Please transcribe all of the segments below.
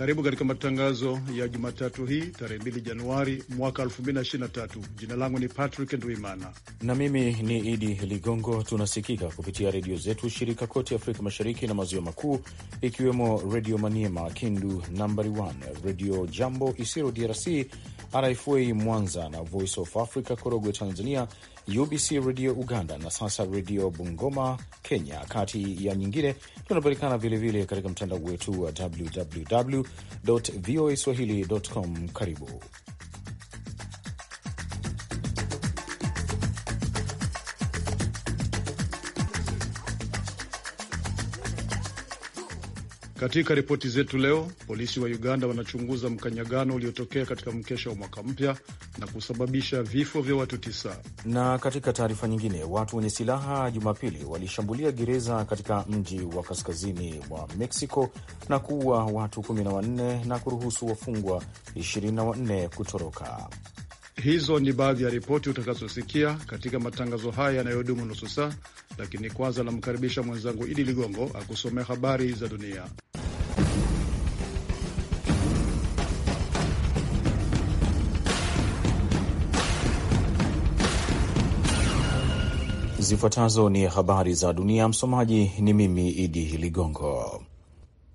Karibu katika matangazo ya Jumatatu hii tarehe 2 Januari mwaka 2023. Jina langu ni Patrick Ndwimana na mimi ni Idi Ligongo. Tunasikika kupitia redio zetu shirika kote Afrika Mashariki na Maziwa Makuu, ikiwemo Redio Maniema Kindu nambari 1, Redio Jambo Isiro DRC, RFA Mwanza na Voice of Africa Korogwe Tanzania, UBC Redio Uganda na sasa Redio Bungoma Kenya, kati ya nyingine. Tunapatikana vilevile katika mtandao wetu wa www voa swahili.com. Karibu Katika ripoti zetu leo, polisi wa Uganda wanachunguza mkanyagano uliotokea katika mkesha wa mwaka mpya na kusababisha vifo vya watu tisa. Na katika taarifa nyingine, watu wenye silaha Jumapili walishambulia gereza katika mji wa kaskazini mwa Meksiko na kuua watu 14 na kuruhusu wafungwa 24 kutoroka. Hizo ni baadhi ya ripoti utakazosikia katika matangazo haya yanayodumu nusu saa, lakini kwanza namkaribisha mwenzangu Idi Ligongo akusomea habari za dunia. Zifuatazo ni habari za dunia. Msomaji ni mimi Idi Ligongo.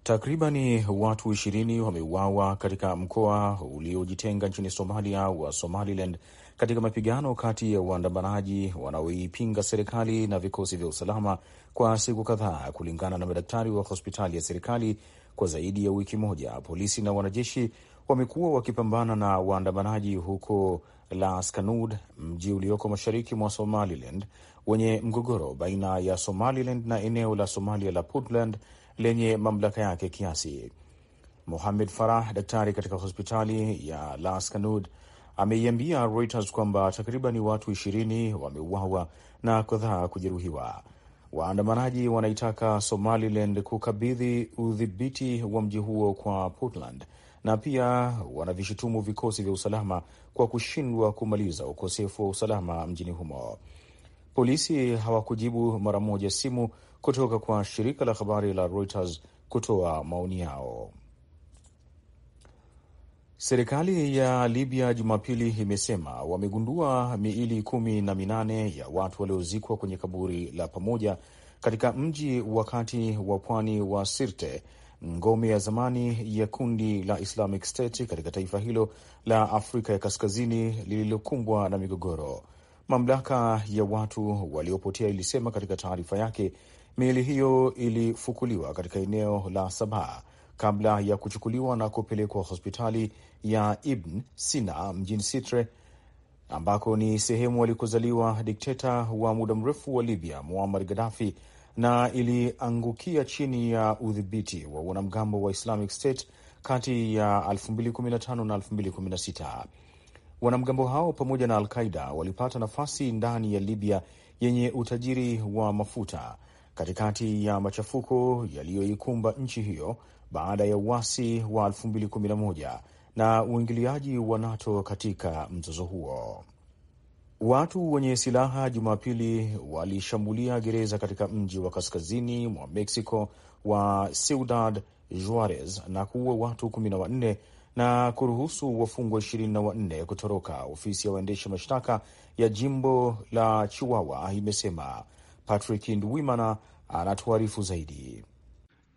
Takribani watu ishirini wameuawa katika mkoa uliojitenga nchini Somalia wa Somaliland katika mapigano kati ya waandamanaji wanaoipinga serikali na vikosi vya usalama kwa siku kadhaa, kulingana na madaktari wa hospitali ya serikali. Kwa zaidi ya wiki moja, polisi na wanajeshi wamekuwa wakipambana na waandamanaji huko Las Kanud, mji ulioko mashariki mwa Somaliland, wenye mgogoro baina ya Somaliland na eneo la Somalia la Puntland lenye mamlaka yake kiasi. Mohamed Farah, daktari katika hospitali ya Las Kanud, ameiambia Reuters kwamba takriban watu ishirini wameuawa na kadhaa kujeruhiwa. Waandamanaji wanaitaka Somaliland kukabidhi udhibiti wa mji huo kwa Puntland na pia wanavishutumu vikosi vya usalama kwa kushindwa kumaliza ukosefu wa usalama mjini humo. Polisi hawakujibu mara moja simu kutoka kwa shirika la habari la Reuters kutoa maoni yao. Serikali ya Libya Jumapili imesema wamegundua miili kumi na minane ya watu waliozikwa kwenye kaburi la pamoja katika mji wa kati wa pwani wa Sirte, ngome ya zamani ya kundi la Islamic State katika taifa hilo la Afrika ya kaskazini lililokumbwa na migogoro. Mamlaka ya watu waliopotea ilisema katika taarifa yake, miili hiyo ilifukuliwa katika eneo la Sabaa kabla ya kuchukuliwa na kupelekwa hospitali ya Ibn Sina mjini Sitre, ambako ni sehemu alikozaliwa dikteta wa muda mrefu wa Libya Muammar Gaddafi, na iliangukia chini ya udhibiti wa wanamgambo wa Islamic State kati ya 2015 na 2016. Wanamgambo hao pamoja na Alqaida walipata nafasi ndani ya Libya yenye utajiri wa mafuta katikati ya machafuko yaliyoikumba nchi hiyo baada ya uasi wa 2011 na uingiliaji wa NATO katika mzozo huo. Watu wenye silaha Jumapili walishambulia gereza katika mji wa kaskazini mwa Mexico wa Ciudad Juarez na kuua watu 14 na kuruhusu wafungwa ishirini na wanne kutoroka. Ofisi ya waendesha mashtaka ya jimbo la Chiwawa imesema. Patrick Ndwimana anatuarifu zaidi.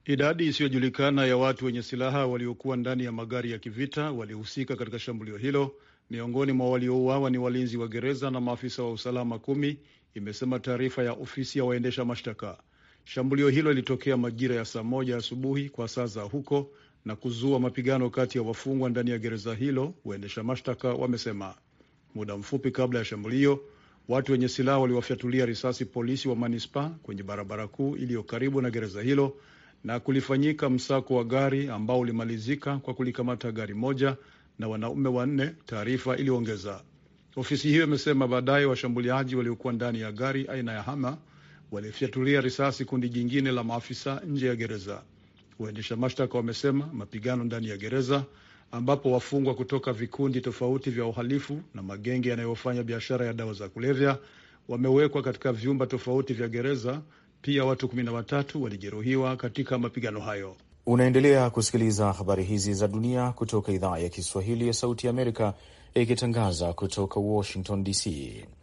Idadi isiyojulikana ya watu wenye silaha waliokuwa ndani ya magari ya kivita walihusika katika shambulio hilo. Miongoni mwa waliouawa ni walinzi wa gereza na maafisa wa usalama kumi, imesema taarifa ya ofisi ya waendesha mashtaka. Shambulio hilo lilitokea majira ya saa moja asubuhi kwa saa za huko, na kuzua mapigano kati ya wafungwa ndani ya gereza hilo, waendesha mashtaka wamesema. Muda mfupi kabla ya shambulio, watu wenye silaha waliwafyatulia risasi polisi wa manispa kwenye barabara kuu iliyo karibu na gereza hilo na kulifanyika msako wa gari ambao ulimalizika kwa kulikamata gari moja na wanaume wanne, taarifa iliongeza. Ofisi hiyo imesema baadaye washambuliaji waliokuwa ndani ya gari aina ya Hama walifyatulia risasi kundi jingine la maafisa nje ya gereza. Waendesha mashtaka wamesema mapigano ndani ya gereza ambapo wafungwa kutoka vikundi tofauti vya uhalifu na magenge yanayofanya biashara ya dawa za kulevya wamewekwa katika vyumba tofauti vya gereza. Pia watu kumi na watatu walijeruhiwa katika mapigano hayo. Unaendelea kusikiliza habari hizi za dunia kutoka idhaa ya Kiswahili ya Sauti ya Amerika ikitangaza kutoka Washington DC.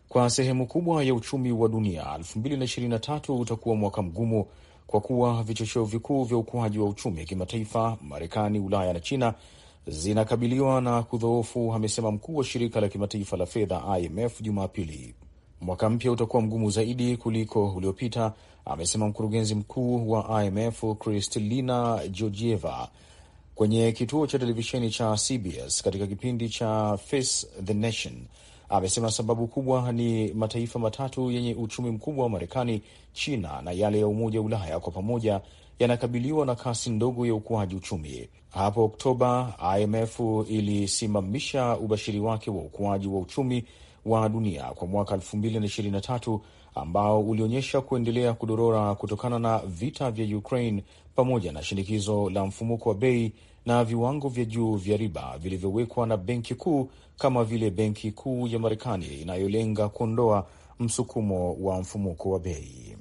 Kwa sehemu kubwa ya uchumi wa dunia, 2023 utakuwa mwaka mgumu kwa kuwa vichocheo vikuu vya ukuaji wa uchumi wa kimataifa, Marekani, Ulaya na China zinakabiliwa na kudhoofu, amesema mkuu wa shirika la kimataifa la fedha IMF Jumapili. Mwaka mpya utakuwa mgumu zaidi kuliko uliopita, amesema mkurugenzi mkuu wa IMF Kristalina Georgieva kwenye kituo cha televisheni cha CBS katika kipindi cha Face the Nation amesema sababu kubwa ni mataifa matatu yenye uchumi mkubwa wa Marekani, China na yale ya Umoja wa Ulaya kwa pamoja yanakabiliwa na kasi ndogo ya ukuaji uchumi. Hapo Oktoba, IMF ilisimamisha ubashiri wake wa ukuaji wa uchumi wa dunia kwa mwaka 2023 ambao ulionyesha kuendelea kudorora kutokana na vita vya Ukraine pamoja na shinikizo la mfumuko wa bei na viwango vya juu vya riba vilivyowekwa na benki kuu kama vile benki kuu ya Marekani inayolenga kuondoa msukumo wa mfumuko wa bei.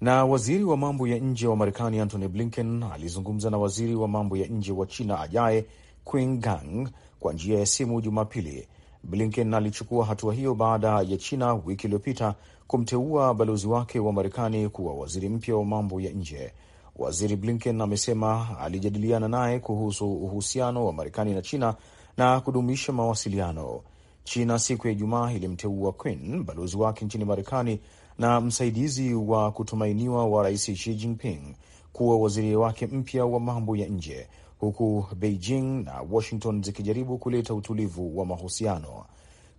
Na waziri wa mambo ya nje wa Marekani Antony Blinken alizungumza na waziri wa mambo ya nje wa China Ajae Quingang kwa njia ya simu Jumapili. Blinken alichukua hatua hiyo baada ya China wiki iliyopita kumteua balozi wake wa Marekani kuwa waziri mpya wa mambo ya nje. Waziri Blinken amesema alijadiliana naye kuhusu uhusiano wa Marekani na China na kudumisha mawasiliano. China siku ya Ijumaa ilimteua Quinn, balozi wake nchini Marekani na msaidizi wa kutumainiwa wa Rais Xi Jinping, kuwa waziri wake mpya wa mambo ya nje, huku Beijing na Washington zikijaribu kuleta utulivu wa mahusiano.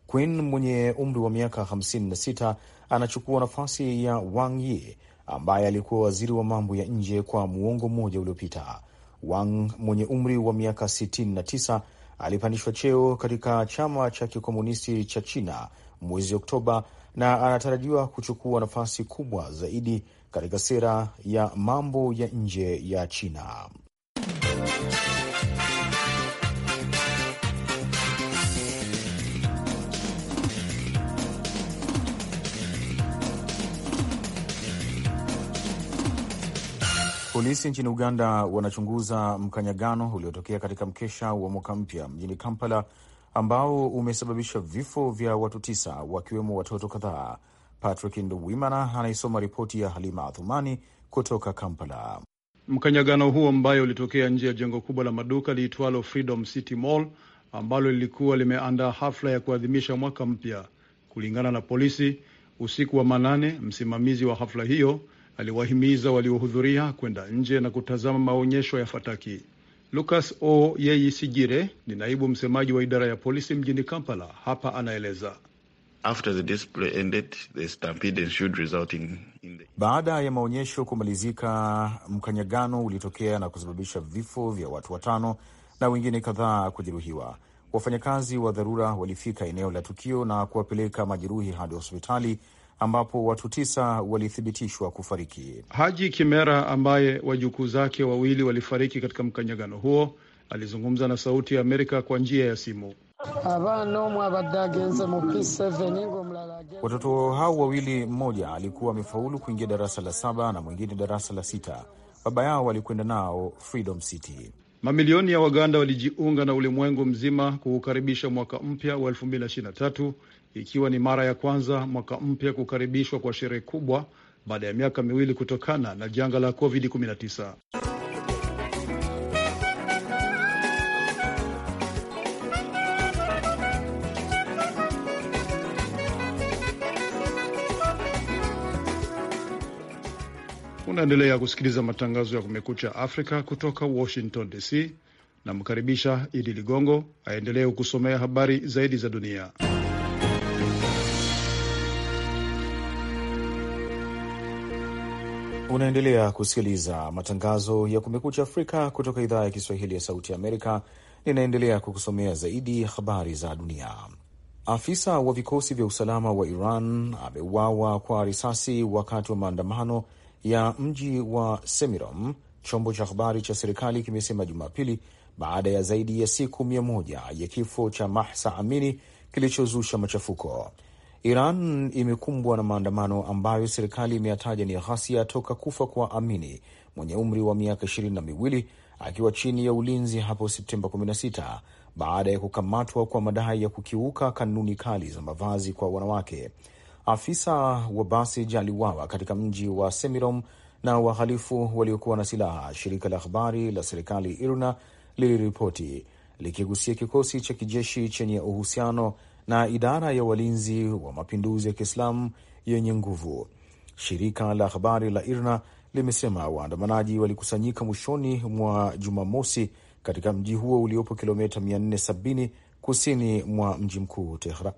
Quinn mwenye umri wa miaka 56 anachukua nafasi ya Wang Yi ambaye alikuwa waziri wa mambo ya nje kwa muongo mmoja uliopita. Wang mwenye umri wa miaka 69 alipandishwa cheo katika chama cha kikomunisti cha China mwezi Oktoba na anatarajiwa kuchukua nafasi kubwa zaidi katika sera ya mambo ya nje ya China. Polisi nchini Uganda wanachunguza mkanyagano uliotokea katika mkesha wa mwaka mpya mjini Kampala ambao umesababisha vifo vya watu tisa wakiwemo watoto kadhaa. Patrick Nduwimana anaisoma ripoti ya Halima Athumani kutoka Kampala. Mkanyagano huo ambayo ulitokea nje ya jengo kubwa la maduka liitwalo Freedom City Mall ambalo lilikuwa limeandaa hafla ya kuadhimisha mwaka mpya. Kulingana na polisi, usiku wa manane, msimamizi wa hafla hiyo aliwahimiza waliohudhuria kwenda nje na kutazama maonyesho ya fataki. Lucas O Yeyisigire ni naibu msemaji wa idara ya polisi mjini Kampala. Hapa anaeleza. After the display ended, the stampede ensued resulting in the... Baada ya maonyesho kumalizika, mkanyagano ulitokea na kusababisha vifo vya watu watano na wengine kadhaa kujeruhiwa. Wafanyakazi wa dharura walifika eneo la tukio na kuwapeleka majeruhi hadi hospitali ambapo watu tisa walithibitishwa kufariki. Haji Kimera ambaye wajukuu zake wawili walifariki katika mkanyagano huo alizungumza na Sauti ya Amerika kwa njia ya simu. Watoto hao wawili, mmoja alikuwa amefaulu kuingia darasa la saba na mwingine darasa la sita. Baba yao walikwenda nao Freedom City. Mamilioni ya Waganda walijiunga na ulimwengu mzima kuukaribisha mwaka mpya wa ikiwa ni mara ya kwanza mwaka mpya kukaribishwa kwa sherehe kubwa baada ya miaka miwili kutokana na janga la COVID-19. Unaendelea kusikiliza matangazo ya Kumekucha Afrika kutoka Washington DC. Namkaribisha Idi Ligongo aendelee kusomea habari zaidi za dunia. Unaendelea kusikiliza matangazo ya Kumekucha Afrika kutoka idhaa ya Kiswahili ya Sauti Amerika. Ninaendelea kukusomea zaidi habari za dunia. Afisa wa vikosi vya usalama wa Iran ameuawa kwa risasi wakati wa maandamano ya mji wa Semirom, chombo cha habari cha serikali kimesema Jumapili, baada ya zaidi ya siku mia moja ya kifo cha Mahsa Amini kilichozusha machafuko. Iran imekumbwa na maandamano ambayo serikali imeyataja ni ghasia toka kufa kwa Amini mwenye umri wa miaka ishirini na miwili akiwa chini ya ulinzi hapo Septemba 16 baada ya kukamatwa kwa madai ya kukiuka kanuni kali za mavazi kwa wanawake. Afisa wa basi aliuawa katika mji wa Semirom na wahalifu waliokuwa na silaha, shirika la habari la serikali IRNA liliripoti likigusia kikosi cha kijeshi chenye uhusiano na idara ya walinzi wa mapinduzi ya Kiislamu yenye nguvu. Shirika la habari la IRNA limesema waandamanaji walikusanyika mwishoni mwa Jumamosi katika mji huo uliopo kilomita 470 kusini mwa mji mkuu Tehran.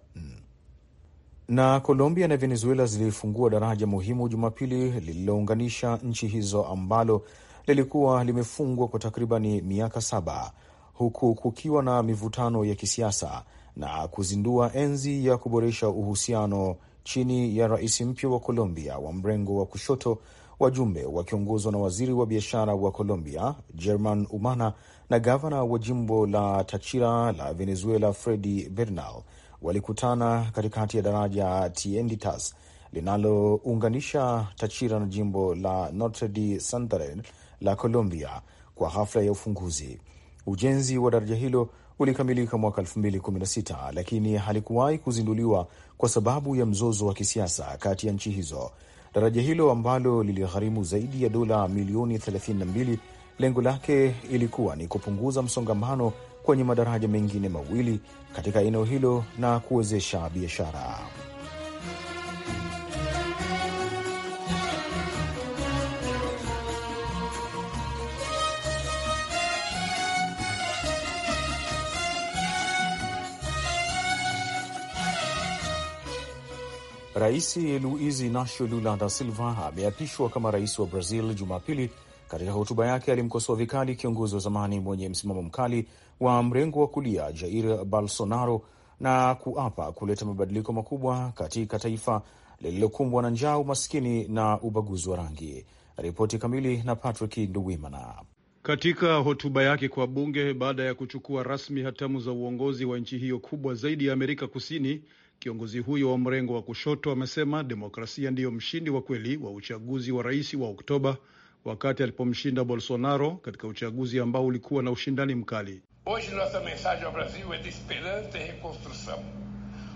Na Colombia na Venezuela zilifungua daraja muhimu Jumapili lililounganisha nchi hizo ambalo lilikuwa limefungwa kwa takribani miaka saba huku kukiwa na mivutano ya kisiasa na kuzindua enzi ya kuboresha uhusiano chini ya rais mpya wa Colombia wa mrengo wa kushoto. Wajumbe wakiongozwa na waziri wa biashara wa Colombia German Umana na gavana wa jimbo la Tachira la Venezuela Fredi Bernal walikutana katikati ya daraja Tienditas linalounganisha Tachira na jimbo la Norte de Santander la Colombia kwa hafla ya ufunguzi. Ujenzi wa daraja hilo ulikamilika mwaka 2016 lakini halikuwahi kuzinduliwa kwa sababu ya mzozo wa kisiasa kati ya nchi hizo. Daraja hilo ambalo liligharimu zaidi ya dola milioni 32 lengo lake ilikuwa ni kupunguza msongamano kwenye madaraja mengine mawili katika eneo hilo na kuwezesha biashara. Rais Luiz Inacio Lula da Silva ameapishwa kama rais wa Brazil Jumapili. Katika hotuba yake alimkosoa vikali kiongozi wa zamani mwenye msimamo mkali wa mrengo wa kulia Jair Bolsonaro na kuapa kuleta mabadiliko makubwa katika taifa lililokumbwa na njaa, umaskini na ubaguzi wa rangi. Ripoti kamili na Patrick Nduwimana. Katika hotuba yake kwa bunge baada ya kuchukua rasmi hatamu za uongozi wa nchi hiyo kubwa zaidi ya Amerika Kusini, Kiongozi huyo wa mrengo wa kushoto amesema demokrasia ndiyo mshindi wa kweli wa uchaguzi wa rais wa Oktoba wakati alipomshinda Bolsonaro katika uchaguzi ambao ulikuwa na ushindani mkali. Hoje nossa mensagem ao Brasil é de esperança e reconstrução.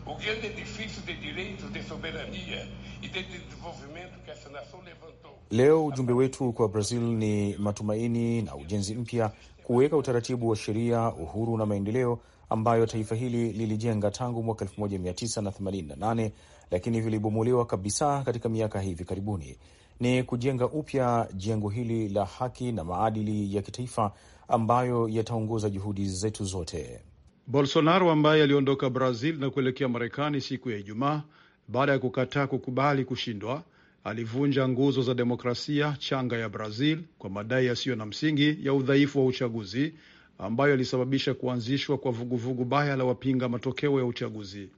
O grande edifício de direitos, de soberania e de desenvolvimento que essa nação levantou. Leo ujumbe wetu kwa Brazil ni matumaini na ujenzi mpya, kuweka utaratibu wa sheria, uhuru na maendeleo ambayo taifa hili lilijenga tangu mwaka 1988 lakini vilibomolewa kabisa katika miaka hivi karibuni, ni kujenga upya jengo hili la haki na maadili ya kitaifa ambayo yataongoza juhudi zetu zote. Bolsonaro ambaye aliondoka Brazil na kuelekea Marekani siku ya Ijumaa baada ya kukataa kukubali kushindwa, alivunja nguzo za demokrasia changa ya Brazil kwa madai yasiyo na msingi ya udhaifu wa uchaguzi ambayo alisababisha kuanzishwa kwa vuguvugu baya la wapinga matokeo ya uchaguzi.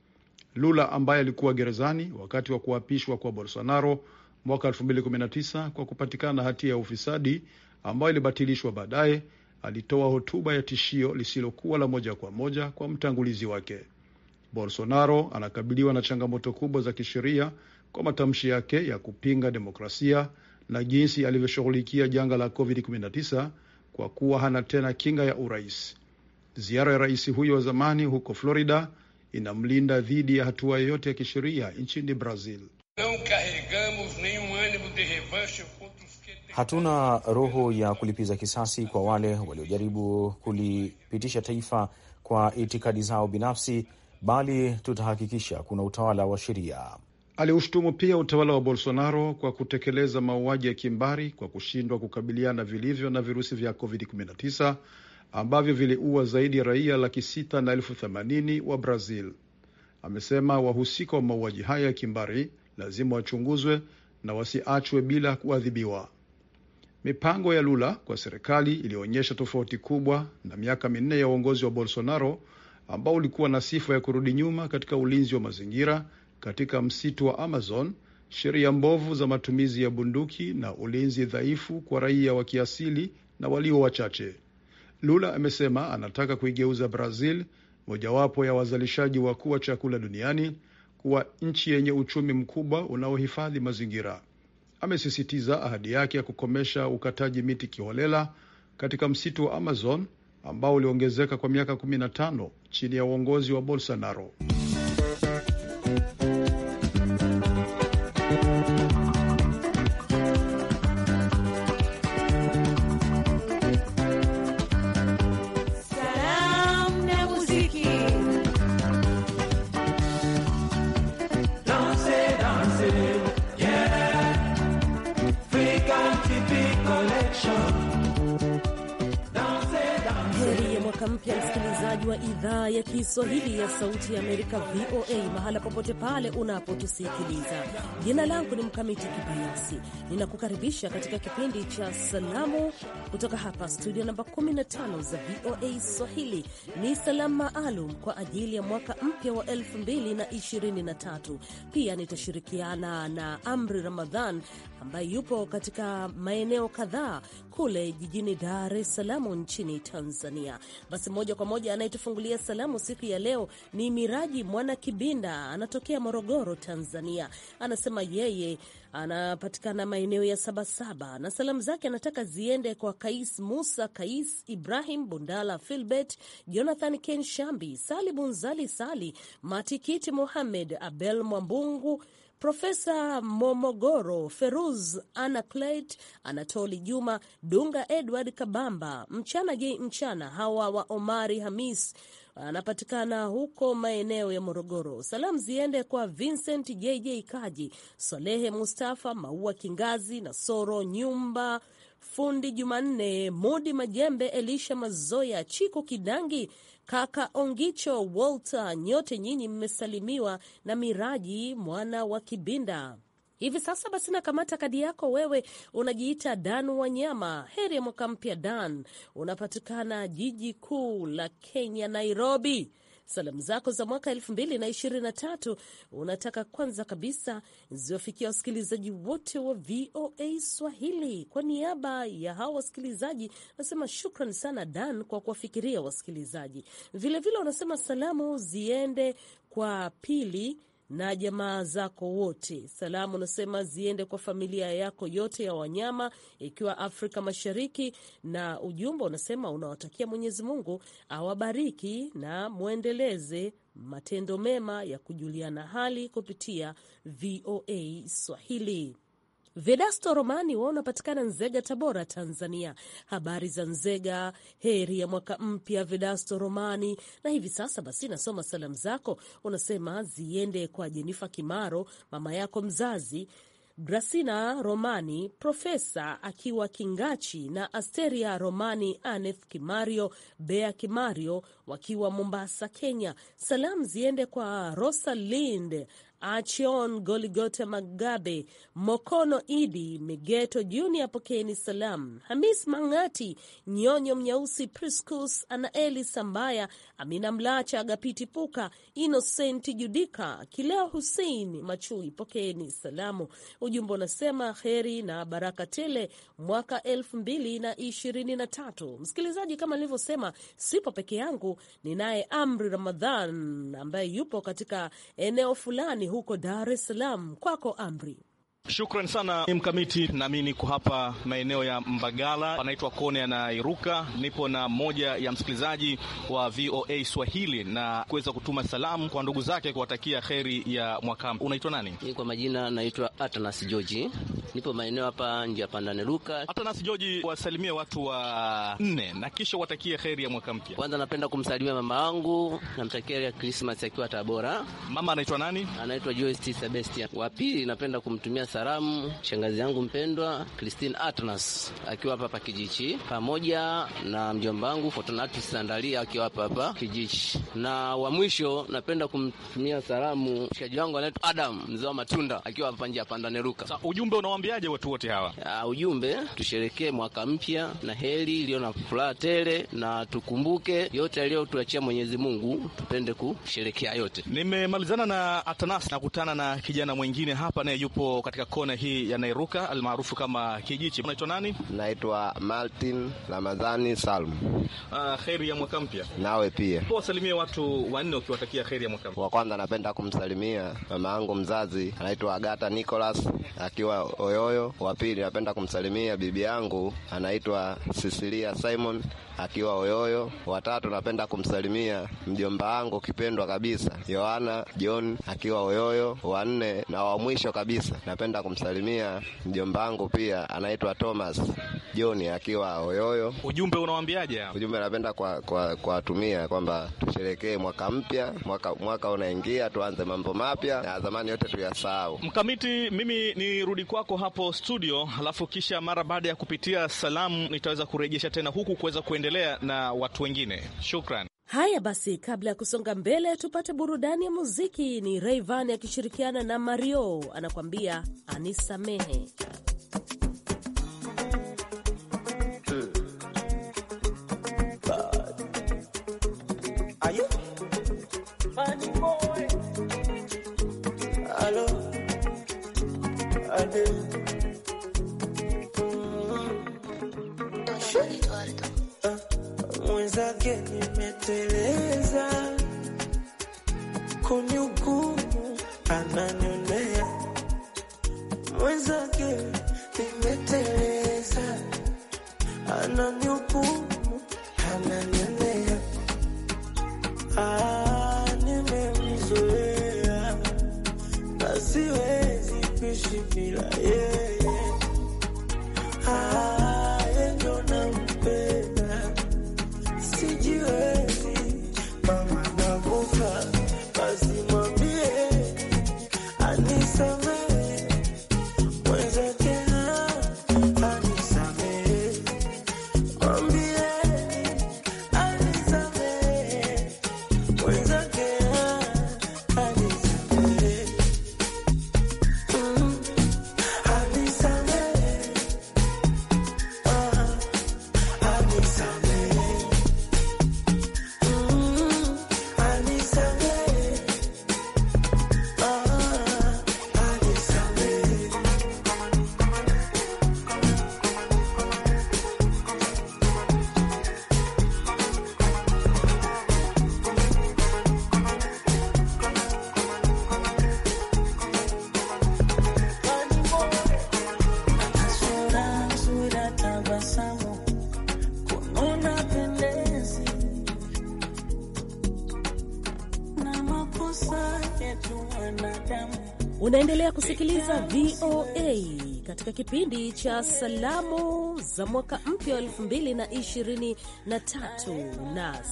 Lula ambaye alikuwa gerezani wakati wa kuapishwa kwa Bolsonaro mwaka 2019 kwa kupatikana hatia ya ufisadi ambayo ilibatilishwa baadaye, alitoa hotuba ya tishio lisilokuwa la moja kwa moja kwa mtangulizi wake. Bolsonaro anakabiliwa na changamoto kubwa za kisheria kwa matamshi yake ya kupinga demokrasia na jinsi alivyoshughulikia janga la COVID-19 kwa kuwa hana tena kinga ya urais. Ziara ya rais huyo wa zamani huko Florida inamlinda dhidi ya hatua yoyote ya kisheria nchini Brazil. Hatuna roho ya kulipiza kisasi kwa wale waliojaribu kulipitisha taifa kwa itikadi zao binafsi, bali tutahakikisha kuna utawala wa sheria. Aliushtumu pia utawala wa Bolsonaro kwa kutekeleza mauaji ya kimbari kwa kushindwa kukabiliana vilivyo na virusi vya COVID-19 ambavyo viliua zaidi ya raia laki sita na elfu themanini wa Brazil. Amesema wahusika wa mauaji haya ya kimbari lazima wachunguzwe na wasiachwe bila kuadhibiwa. Mipango ya Lula kwa serikali ilionyesha tofauti kubwa na miaka minne ya uongozi wa Bolsonaro ambao ulikuwa na sifa ya kurudi nyuma katika ulinzi wa mazingira katika msitu wa Amazon, sheria mbovu za matumizi ya bunduki na ulinzi dhaifu kwa raia wa kiasili na walio wachache. Lula amesema anataka kuigeuza Brazil, mojawapo ya wazalishaji wakuu wa chakula duniani, kuwa nchi yenye uchumi mkubwa unaohifadhi mazingira. Amesisitiza ahadi yake ya kukomesha ukataji miti kiholela katika msitu wa Amazon ambao uliongezeka kwa miaka 15 chini ya uongozi wa Bolsonaro. mwaka mpya, msikilizaji wa idhaa ya Kiswahili ya Sauti ya Amerika, VOA, mahala popote pale unapotusikiliza. Jina langu ni Mkamiti Kibayasi, ninakukaribisha katika kipindi cha Salamu kutoka hapa studio namba 15 za VOA Swahili. Ni salamu maalum kwa ajili ya mwaka mpya wa 2023. Pia nitashirikiana na Amri Ramadhan ambaye yupo katika maeneo kadhaa kule jijini Dar es Salaam nchini Tanzania. Basi moja kwa moja anayetufungulia salamu siku ya leo ni Miraji Mwana Kibinda, anatokea Morogoro, Tanzania. Anasema yeye anapatikana maeneo ya Sabasaba na salamu zake anataka ziende kwa Kais Musa, Kais Ibrahim Bundala, Filbert Jonathan, Ken Shambi, Sali Bunzali, Sali Matikiti, muhamed Abel Mwambungu Profesa Momogoro Feruz, Ana Anatoli Juma Dunga, Edward Kabamba, Mchana ji Mchana, hawa wa Omari Hamis anapatikana huko maeneo ya Morogoro. Salamu ziende kwa Vincent JJ Kaji, Solehe Mustafa, Maua Kingazi na Soro Nyumba, Fundi Jumanne, Mudi Majembe, Elisha Mazoya, Chiko Kidangi, Kaka Ongicho Walter, nyote nyinyi mmesalimiwa na Miraji mwana wa Kibinda. Hivi sasa basi, nakamata kadi yako. Wewe unajiita Dan Wanyama. Heri ya mwaka mpya Dan. Unapatikana jiji kuu la Kenya, Nairobi. Salamu zako za mwaka tatu unataka kwanza kabisa ziwafikia wasikilizaji wote wa VOA Swahili. Kwa niaba ya hawa wasikilizaji nasema shukran sana Dan kwa kuwafikiria wasikilizaji. Vilevile unasema salamu ziende kwa Pili na jamaa zako wote. Salamu unasema ziende kwa familia yako yote ya wanyama, ikiwa Afrika Mashariki, na ujumbe unasema unawatakia Mwenyezi Mungu awabariki na mwendeleze matendo mema ya kujuliana hali kupitia VOA Swahili. Vedasto Romani wao unapatikana Nzega, Tabora, Tanzania. Habari za Nzega, heri ya mwaka mpya Vedasto Romani. Na hivi sasa basi nasoma salamu zako, unasema ziende kwa Jenifa Kimaro, mama yako mzazi Grasina Romani, Profesa akiwa Kingachi na Asteria Romani, Aneth Kimario, Bea Kimario wakiwa Mombasa, Kenya. Salamu ziende kwa Rosalind Achion Goligote, Magabe Mokono, Idi Migeto, Junior, pokeeni salam. Hamis Mangati, Nyonyo Mnyeusi, Priscus Anaeli Sambaya, Amina Mlacha, Agapiti Puka, Inosenti Judika, Kileo Husein Machui, pokeni salamu. Ujumbe unasema heri na baraka tele mwaka elfu mbili na ishirini na tatu. Msikilizaji, kama nilivyosema, sipo peke yangu, ninaye Amri Ramadhan ambaye yupo katika eneo fulani huko Dar es Salaam. Kwako Amri. Shukran sana Mkamiti, nami niko hapa maeneo ya Mbagala, anaitwa Kone Anairuka. Nipo na moja ya msikilizaji wa VOA Swahili na kuweza kutuma salamu kwa ndugu zake kuwatakia kheri ya mwaka. Unaitwa nani? Kwa majina naitwa Atanas Joji, nipo maeneo hapa njia Pandaniruka. Atanas Joji, wasalimie watu wa nne na kisha watakie kheri ya mwaka mpya. Kwanza napenda kumsalimia mama wangu, namtakia ya Krismas akiwa Tabora. Mama anaitwa nani? Anaitwa Joyce Sebastian. Wa pili napenda kumtumia salamu shangazi yangu mpendwa Christine atnas akiwa hapa hapa Kijichi, pamoja na mjomba wangu Fortunatus Sandalia akiwa hapa hapa Kijichi, na wa mwisho napenda kumtumia salamu mshikaji wangu anaitwa Adam mzee wa matunda akiwa hapa nje ya Pandaneruka. Sa, ujumbe unawaambiaje watu wote hawa? Uh, ujumbe tusherekee mwaka mpya na heri iliyo na furaha tele, na tukumbuke yote aliyotuachia Mwenyezi Mungu, tupende kusherekea yote. Nimemalizana na Atanas, nakutana na kijana mwingine hapa naye yupo katika katika kona hii ya Nairuka almaarufu kama Kijichi. Unaitwa nani? Naitwa Martin Ramadhani Salm. Uh, ah, heri ya mwaka mpya. Nawe pia wasalimie watu wanne ukiwatakia heri ya mwaka mpya. Wa kwanza napenda kumsalimia mama yangu mzazi anaitwa Agata Nicholas akiwa Oyoyo. Wa pili napenda kumsalimia bibi yangu anaitwa Cecilia Simon akiwa Oyoyo. Watatu, napenda kumsalimia mjomba wangu kipendwa kabisa Yohana John akiwa Oyoyo. Wanne na wa mwisho kabisa, napenda kumsalimia mjomba wangu pia anaitwa Thomas John akiwa Oyoyo. Ujumbe unawaambiaje? Ujumbe napenda kuwatumia kwa, kwa kwamba tusherekee mwaka mpya, mwaka, mwaka unaingia, tuanze mambo mapya na zamani yote tuyasahau. Mkamiti, mimi nirudi kwako hapo studio, alafu kisha mara baada ya kupitia salamu nitaweza kurejesha tena huku kuweza kuendelea kuendelea na watu wengine. Shukran. Haya basi, kabla ya kusonga mbele, tupate burudani ya muziki. Ni Rayvan akishirikiana na Mario anakuambia anisamehe. zake nimeteleza, kunihukumu ananionea mwenzake, nimeteleza, ananihukumu ananionea, ah, nimemzoea na siwezi kuishi bila yeye. VOA katika kipindi cha salamu za mwaka mpya wa elfu mbili Na ishirini na Na tatu.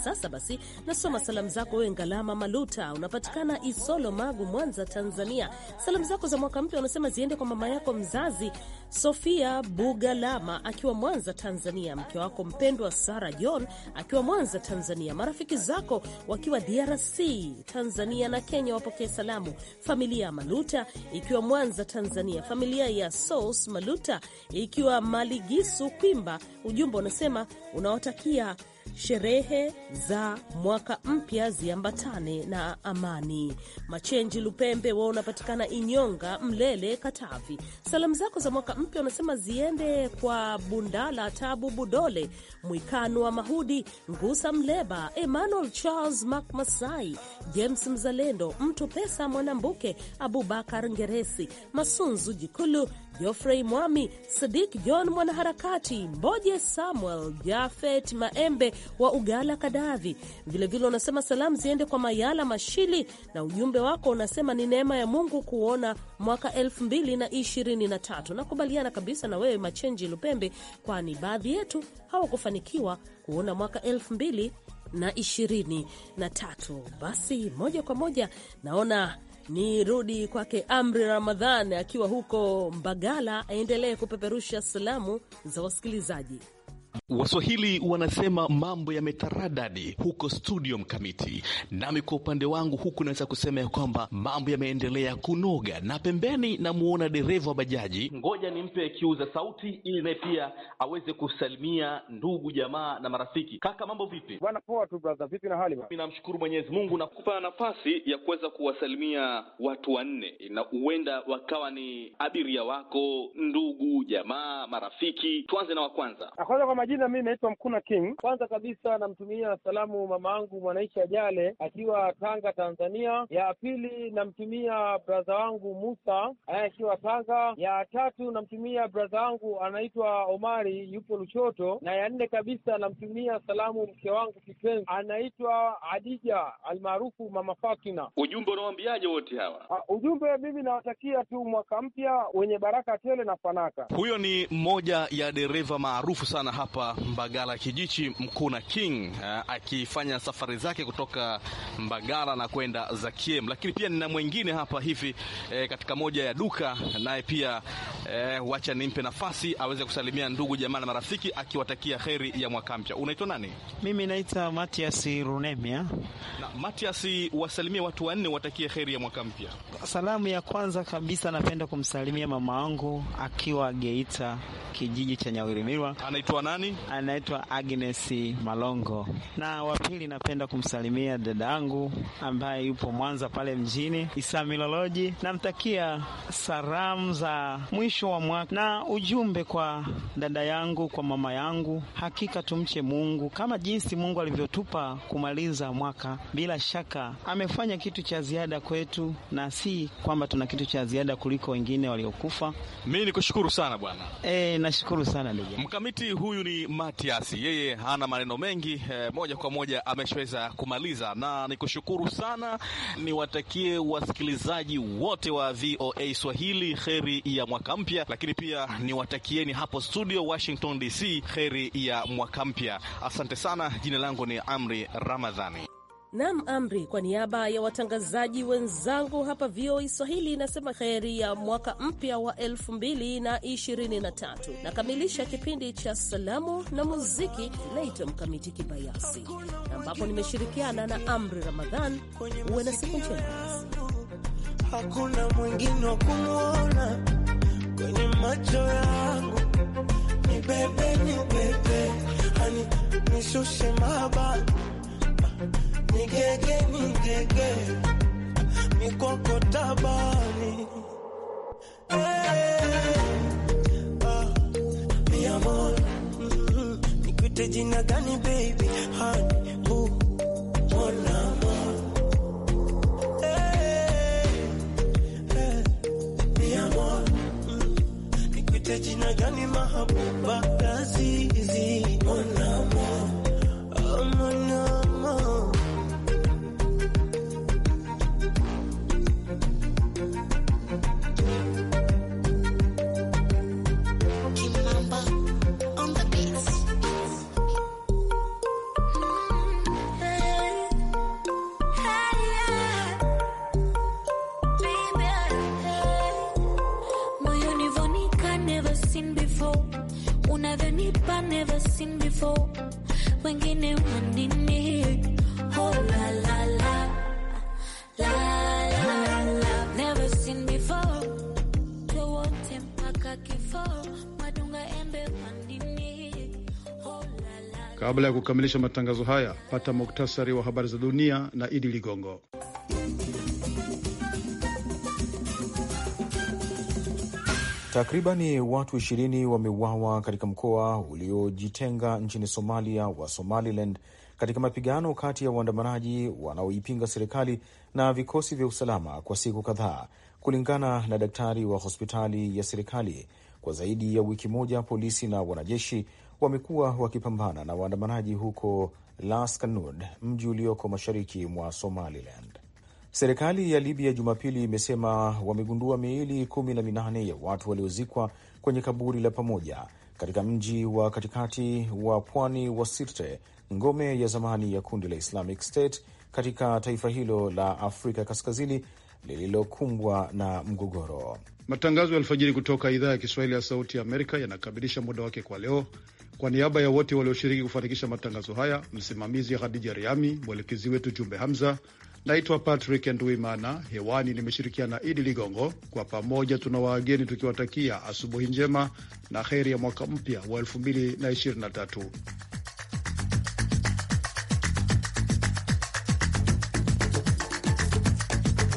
sasa basi, nasoma salamu zako wewe, Ngalama Maluta, unapatikana Isolo, Magu, Mwanza, Tanzania. Salamu zako za mwaka mpya unasema ziende kwa mama yako mzazi Sofia Bugalama akiwa Mwanza, Tanzania, mke wako mpendwa Sara John akiwa Mwanza, Tanzania, marafiki zako wakiwa DRC, Tanzania na Kenya wapokee salamu. Familia ya Maluta ikiwa Mwanza, Tanzania, familia ya Sous Maluta ikiwa Maligisu Kwimba Ujumbe unasema unawatakia sherehe za mwaka mpya ziambatane na amani. Machenji Lupembe wa unapatikana Inyonga, Mlele, Katavi, salamu zako za mwaka mpya unasema ziende kwa Bundala Tabu Budole, Mwikanu wa Mahudi, Ngusa Mleba, Emmanuel Charles Mak Masai, James Mzalendo, Mtu Pesa Mwanambuke, Abubakar Ngeresi, Masunzu Jikulu Geoffrey Mwami, Sadik John mwanaharakati, Mboje Samuel, Jafet Maembe wa Ugala Kadavi. Vilevile unasema salamu ziende kwa Mayala Mashili, na ujumbe wako unasema ni neema ya Mungu kuona mwaka 2023. Nakubaliana kabisa na wewe Machenji Lupembe, kwani baadhi yetu hawakufanikiwa kuona mwaka tatu. Basi moja kwa moja naona ni rudi kwake Amri Ramadhan akiwa huko Mbagala, aendelee kupeperusha salamu za wasikilizaji. Waswahili wanasema mambo yametaradadi huko studio Mkamiti, nami kwa upande wangu huku naweza kusema ya kwamba mambo yameendelea kunoga, na pembeni namuona dereva wa bajaji. Ngoja nimpe kiuza sauti ili naye pia aweze kusalimia ndugu jamaa na marafiki. Kaka, mambo vipi? Bwana poa tu brother, vipi na hali? Mimi namshukuru Mwenyezi Mungu na kupa nafasi ya kuweza kuwasalimia watu wanne, na huenda wakawa ni abiria wako, ndugu jamaa, marafiki. Tuanze na wa kwanza. Ah, majina, mimi naitwa Mkuna King. Kwanza kabisa namtumia salamu mama mamaangu Mwanaisha Ajale akiwa Tanga, Tanzania. Ya pili namtumia bradha wangu Musa eh, akiwa Tanga. Ya tatu namtumia bradha wangu anaitwa Omari, yupo Lushoto. Na ya nne kabisa namtumia salamu mke wangu kipenzi anaitwa Adija almaarufu Mama Fatina. Ujumbe unawaambiaje wote hawa? Uh, ujumbe mimi nawatakia tu mwaka mpya wenye baraka tele na fanaka. Huyo ni mmoja ya dereva maarufu sana hapa hapa Mbagala kijiji na King uh, akifanya safari zake kutoka Mbagala na kwenda Zakiem, lakini pia nina mwengine hapa hivi eh, katika moja ya duka naye pia eh, wacha nimpe nafasi aweze kusalimia ndugu jamaa na marafiki akiwatakia heri ya mwaka mpya. Unaitwa nani? Mimi naitwa Matias Runemia. Na Matias, wasalimie watu wanne watakie heri ya mwaka mpya. Salamu ya kwanza kabisa napenda kumsalimia mama wangu akiwa Geita kijiji cha Nyawirimirwa. Anaitwa nani? jioni, anaitwa Agnes Malongo. Na wa pili napenda kumsalimia dada yangu ambaye yupo Mwanza pale mjini, Isa Miloloji. Namtakia salamu za mwisho wa mwaka na ujumbe kwa dada yangu, kwa mama yangu, hakika tumche Mungu kama jinsi Mungu alivyotupa kumaliza mwaka. Bila shaka amefanya kitu cha ziada kwetu, na si kwamba tuna kitu cha ziada kuliko wengine waliokufa. Mimi nikushukuru sana bwana. E, nashukuru sana ndugu mkamiti huyu ni Matias, yeye hana maneno mengi e, moja kwa moja ameshaweza kumaliza, na nikushukuru sana. Niwatakie wasikilizaji wote wa VOA Swahili heri ya mwaka mpya, lakini pia niwatakieni hapo studio Washington DC heri ya mwaka mpya. Asante sana, jina langu ni Amri Ramadhani. Nam Amri, kwa niaba ya watangazaji wenzangu hapa VOA Swahili inasema kheri ya mwaka mpya wa 2023. Nakamilisha kipindi cha salamu na muziki. Naitwa Mkamiti Kibayasi, ambapo nimeshirikiana na Amri Ramadhan. Uwe na siku njema. Hakuna mwingine wa kumwona kwenye macho yangu, ni bebe, ni bebe, hani nishushe mabaki migege migege mikokotabani eh, ah, mm-hmm. nikute jina gani baby hani eh, eh, mm-hmm. nikute jina gani mahabuba never seen before. Wengine wanini? Oh la la la la la la, never seen before. Wote mpaka kifo, madunga embe wanini? Oh la la. Kabla ya kukamilisha matangazo haya, pata muktasari wa habari za dunia na Idi Ligongo. Takribani watu ishirini wameuawa katika mkoa uliojitenga nchini Somalia wa Somaliland katika mapigano kati ya waandamanaji wanaoipinga serikali na vikosi vya usalama kwa siku kadhaa, kulingana na daktari wa hospitali ya serikali. Kwa zaidi ya wiki moja, polisi na wanajeshi wamekuwa wakipambana na waandamanaji huko laskanud mji ulioko mashariki mwa Somaliland. Serikali ya Libya Jumapili imesema wamegundua miili kumi na minane ya watu waliozikwa kwenye kaburi la pamoja katika mji wa katikati wa pwani wa Sirte, ngome ya zamani ya kundi la Islamic State katika taifa hilo la Afrika Kaskazini lililokumbwa na mgogoro. Matangazo ya alfajiri kutoka idhaa ya Kiswahili ya Sauti ya Amerika yanakamilisha muda wake kwa leo. Kwa niaba ya wote walioshiriki kufanikisha matangazo haya, msimamizi Khadija Riami, mwelekezi wetu Jumbe Hamza Naitwa Patrick Nduimana, hewani nimeshirikiana na Idi Ligongo. Kwa pamoja tuna waageni tukiwatakia asubuhi njema na heri ya mwaka mpya wa 2023.